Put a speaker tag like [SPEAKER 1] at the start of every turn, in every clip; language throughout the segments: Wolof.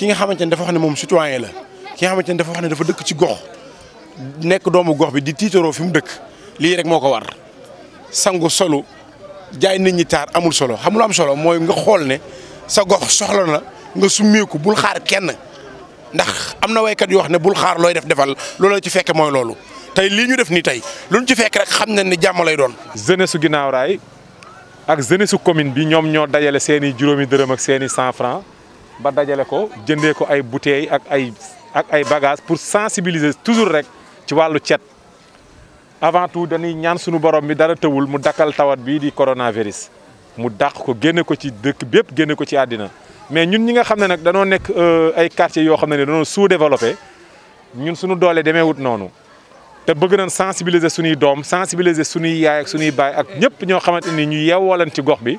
[SPEAKER 1] ki nga xamante ne dafa wax ne moom citoyen la ki nga xamante ne dafa wax ne dafa dëkk ci gox nekk doomu gox bi di tiitaroo fi mu dëkk lii rek moo ko war sangu solo jaay nit ñi taar amul solo xamul am solo mooy nga xool ne sa gox soxla na nga summeeku bul xaar kenn ndax am na waykat yoo wax ne bul xaar
[SPEAKER 2] looy def defal looloo ci fekk mooy loolu tey lii ñu def nii tey luñ ci fekk rek xam nañ ne jàmm lay doon. jeunesse su ginnaaw raay ak jeunesse su commune bi ñoom ñoo dajale seen i juróomi dërëm ak seen i ba dajale ko jëndee ko ay bouteilles ak ay ak ay bagages pour sensibiliser toujours rek ci wàllu cet avant tout dañuy ñaan sunu borom mi dara tëwul mu dakkal tawat bii di coronavirus mu dàq ko génne ko ci dëkk bépp génne ko ci àddina mais ñun ñi nga xam ne nag danoo nekk euh, ay quartiers yoo xam ne danoo sous-développé ñun suñu doole wut noonu te bëgg nañ sensibiliser suñuy doom sensibiliser suñuy yaay ak suñuy baay ak ñëpp ñoo xamante ni ñu yeewoo leen ci gox bi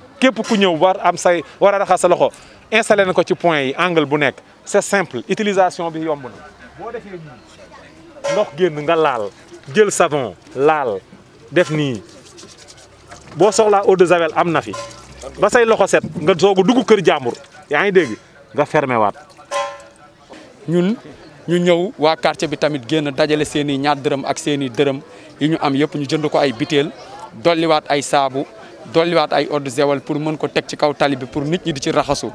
[SPEAKER 2] képp ku ñëw war am say war a raxas sa loxo installé na ko ci point yi angle bu nekk c'est simple utilisation bi yomb na boo ndox génn nga laal jël savon laal def nii boo soxlaa eau de javel am na fi ba say loxo set nga soog a dugg kër
[SPEAKER 3] jàmbur yaa ngi dégg nga fermé waat ñun ñu ñëw waa quartier bi tamit génn dajale seen i ñaar dërëm ak seeni dërëm yi ñu am yëpp ñu jënd ko ay biteel dolliwaat ay saabu dolliwaat ay eau de Javel pour mën ko teg ci kaw tali bi pour nit ñi di ci raxasu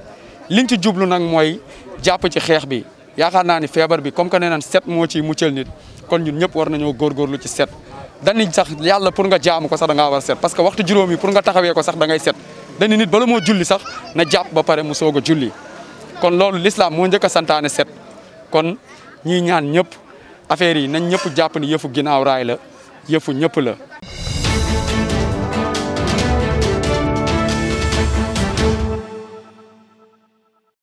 [SPEAKER 3] liñ ci jublu nag mooy jàpp ci xeex bi yaakaar naa ni feebar bi comme que nee naan set moo ci muccal nit kon ñun ñëpp war nañoo góorgóorlu ci set dañuy sax yàlla pour nga jaamu ko sax da parce que waxtu juróom yi pour nga taxawee ko sax da ngay set dañu nit bala moo julli sax na jàpp ba pare mu soog a julli kon loolu l'islam moo njëkk santaane set kon ñii ñaan ñëpp affaire yi nañ ñëpp jàpp ni yëfu ginnaaw raay la yëfu ñëpp la